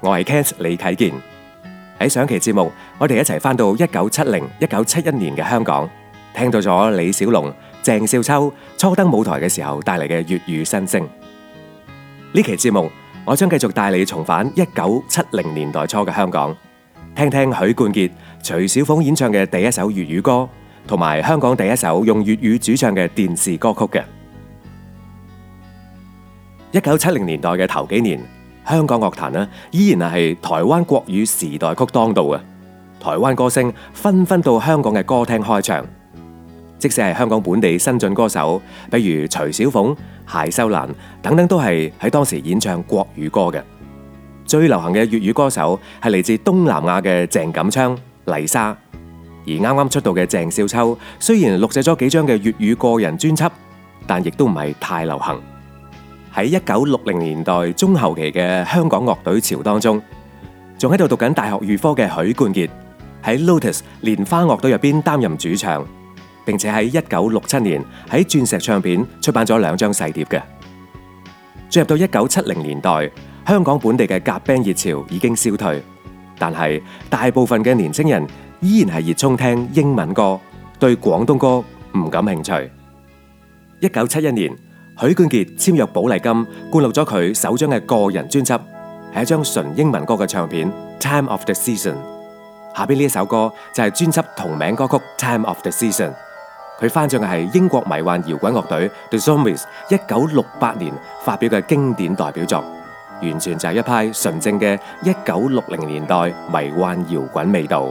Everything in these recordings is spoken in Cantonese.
我係 Cass 李啟健。喺上期節目，我哋一齊翻到一九七零一九七一年嘅香港，聽到咗李小龍、鄭少秋初登舞台嘅時候帶嚟嘅粵語新聲。呢期節目，我將繼續帶你重返一九七零年代初嘅香港，聽聽許冠傑、徐小鳳演唱嘅第一首粵語歌，同埋香港第一首用粵語主唱嘅電視歌曲嘅。一九七零年代嘅頭幾年。香港樂壇呢，依然係台灣國語時代曲當道嘅，台灣歌星紛紛到香港嘅歌廳開唱。即使係香港本地新晉歌手，比如徐小鳳、謝秀蘭奚秀蘭等等，都係喺當時演唱國語歌嘅。最流行嘅粵語歌手係嚟自東南亞嘅鄭錦昌、麗莎，而啱啱出道嘅鄭少秋，雖然錄製咗幾張嘅粵語個人專輯，但亦都唔係太流行。喺一九六零年代中後期嘅香港樂隊潮當中，仲喺度讀緊大學預科嘅許冠傑喺 Lotus 蓮花樂隊入邊擔任主唱，並且喺一九六七年喺鑽石唱片出版咗兩張細碟嘅。進入到一九七零年代，香港本地嘅夾 band 熱潮已經消退，但係大部分嘅年青人依然係熱衷聽英文歌，對廣東歌唔感興趣。一九七一年。許冠傑簽約寶麗金，灌錄咗佢首張嘅個人專輯，係一張純英文歌嘅唱片《Time of the Season》。下邊呢首歌就係專輯同名歌曲《Time of the Season》。佢翻唱嘅係英國迷幻搖滾樂隊 The Zombies 1968年發表嘅經典代表作，完全就係一派純正嘅1960年代迷幻搖滾味道。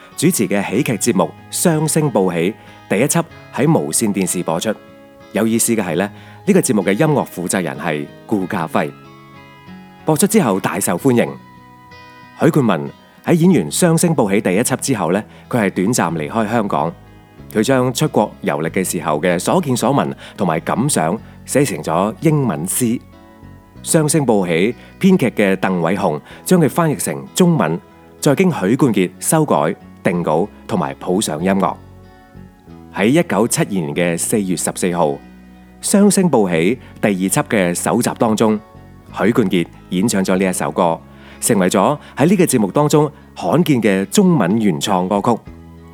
主持嘅喜劇節目《雙星報喜》第一輯喺無綫電視播出。有意思嘅係咧，呢、這個節目嘅音樂負責人係顧家輝。播出之後大受歡迎。許冠文喺演員《雙星報喜》第一輯之後呢，佢係短暫離開香港。佢將出國遊歷嘅時候嘅所見所聞同埋感想寫成咗英文詩，《雙星報喜》編劇嘅鄧偉雄將佢翻譯成中文，再經許冠傑修改。定稿同埋譜上音樂，喺一九七二年嘅四月十四號，雙星報喜第二輯嘅首集當中，許冠傑演唱咗呢一首歌，成為咗喺呢個節目當中罕見嘅中文原創歌曲，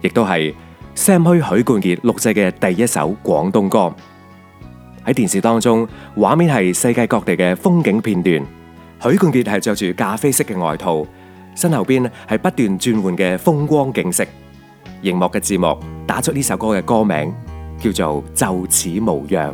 亦都係 Sam 許許冠傑錄製嘅第一首廣東歌。喺電視當中，畫面係世界各地嘅風景片段，許冠傑係着住咖啡色嘅外套。身後邊咧係不斷轉換嘅風光景色，熒幕嘅字幕打出呢首歌嘅歌名叫做《就此無恙》。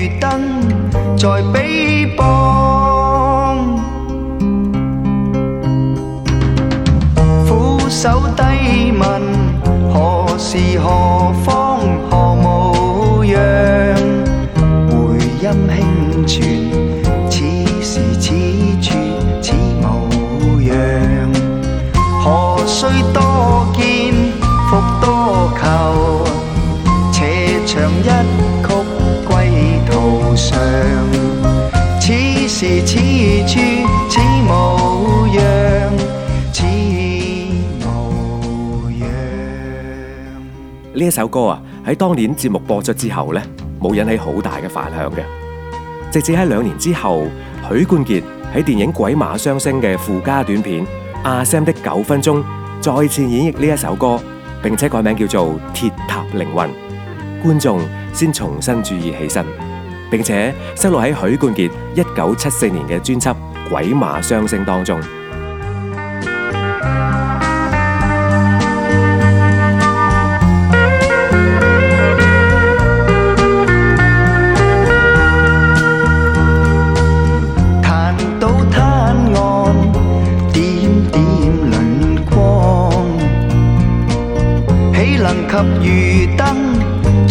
呢一首歌啊，喺當年節目播出之後呢，冇引起好大嘅反響嘅。直至喺兩年之後，許冠傑喺電影《鬼馬雙星》嘅附加短片《阿 Sam 的九分鐘》再次演繹呢一首歌，並且改名叫做《鐵塔凌雲》。觀眾先重新注意起身，並且收錄喺許冠傑一九七四年嘅專輯《鬼馬雙星》當中。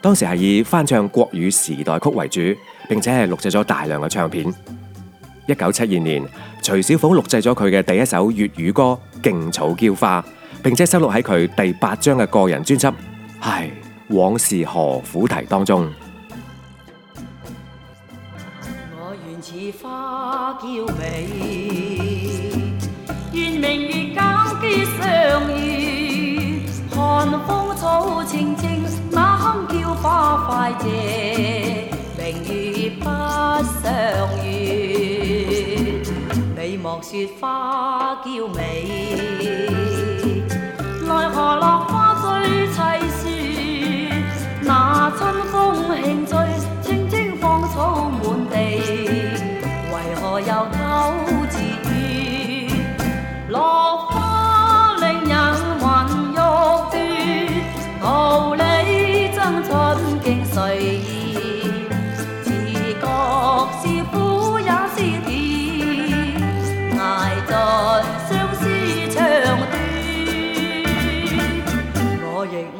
當時係以翻唱國語時代曲為主，並且係錄製咗大量嘅唱片。一九七二年，徐小鳳錄製咗佢嘅第一首粵語歌《勁草嬌花》，並且收錄喺佢第八張嘅個人專輯《係往事何苦提》當中。我願似花嬌美，願明月皎潔相依，看風草青青。花快謝，明月不相圓。你莫說花嬌美。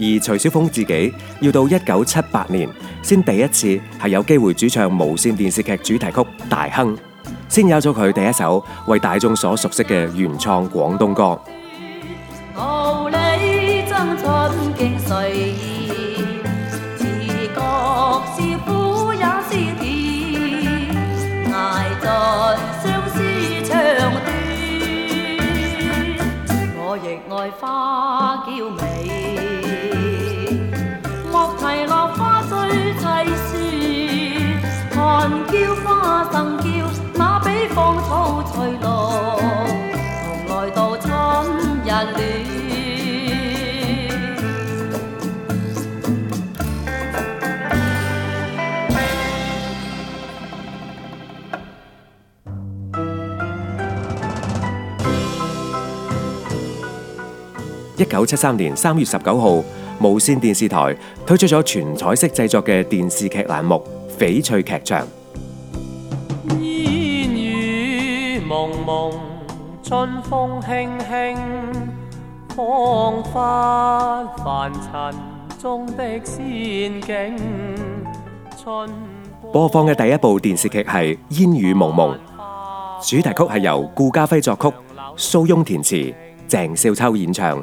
而徐小鳳自己要到一九七八年，先第一次係有機會主唱無綫電視劇主題曲《大亨》，先有咗佢第一首為大眾所熟悉嘅原創廣東歌。一九七三年三月十九號，無線電視台推出咗全彩色製作嘅電視劇欄目《翡翠劇場》。「煙雨蒙蒙，春風輕輕，芳花凡塵中的仙境」。播放嘅第一部電視劇係《煙雨蒙蒙》，主題曲係由顧嘉輝作曲、蘇翁填詞、鄭少秋演唱。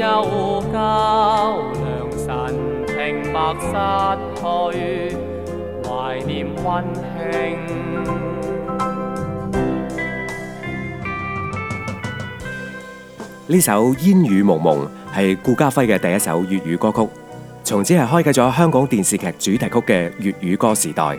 憂交良辰，平白失去，懷念温馨。呢首《煙雨蒙蒙》係顧嘉輝嘅第一首粵語歌曲，從此係開啟咗香港電視劇主題曲嘅粵語歌時代。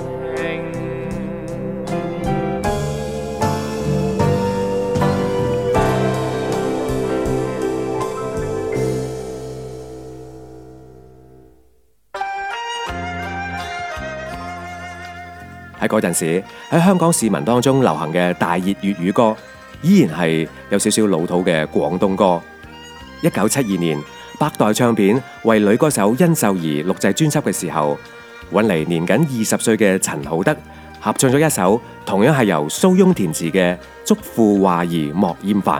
喺嗰陣時，喺香港市民當中流行嘅大熱粵語歌，依然係有少少老土嘅廣東歌。一九七二年，百代唱片為女歌手甄秀儀錄製專輯嘅時候，搵嚟年僅二十歲嘅陳浩德合唱咗一首，同樣係由蘇翁填詞嘅《祝福華兒莫厭煩》。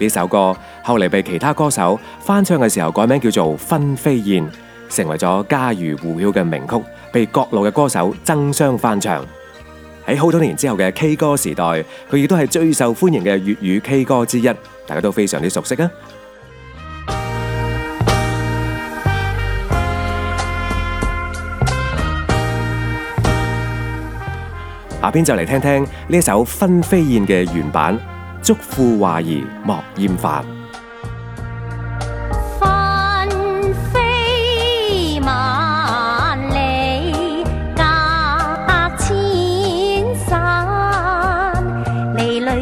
呢首歌，後嚟被其他歌手翻唱嘅時候改名叫做《分飛燕》。成為咗家喻戶曉嘅名曲，被各路嘅歌手爭相翻唱。喺好多年之後嘅 K 歌時代，佢亦都係最受歡迎嘅粵語 K 歌之一，大家都非常之熟悉啊！下邊就嚟聽聽呢首《分飛燕》嘅原版《祝富華兒莫艷凡》。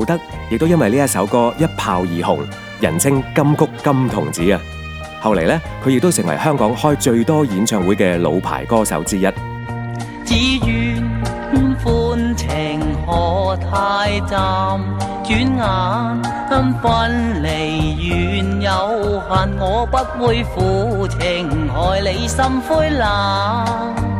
伍德亦都因為呢一首歌一炮而紅，人稱金曲金童子啊！後嚟呢，佢亦都成為香港開最多演唱會嘅老牌歌手之一。只願歡情何太暫，轉眼分離怨有限，我不會負情害你心灰冷。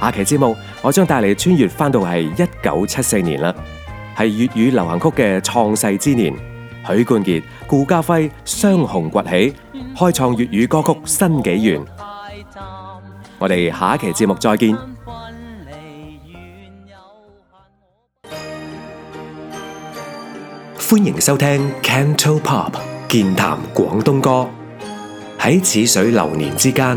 下期節目，我將帶你穿越翻到係一九七四年啦，係粵語流行曲嘅創世之年，許冠傑、顧嘉煇雙雄崛起，開創粵語歌曲新紀元。我哋下一期節目再見。歡迎收聽 Canto Pop，健談廣東歌，喺似水流年之間。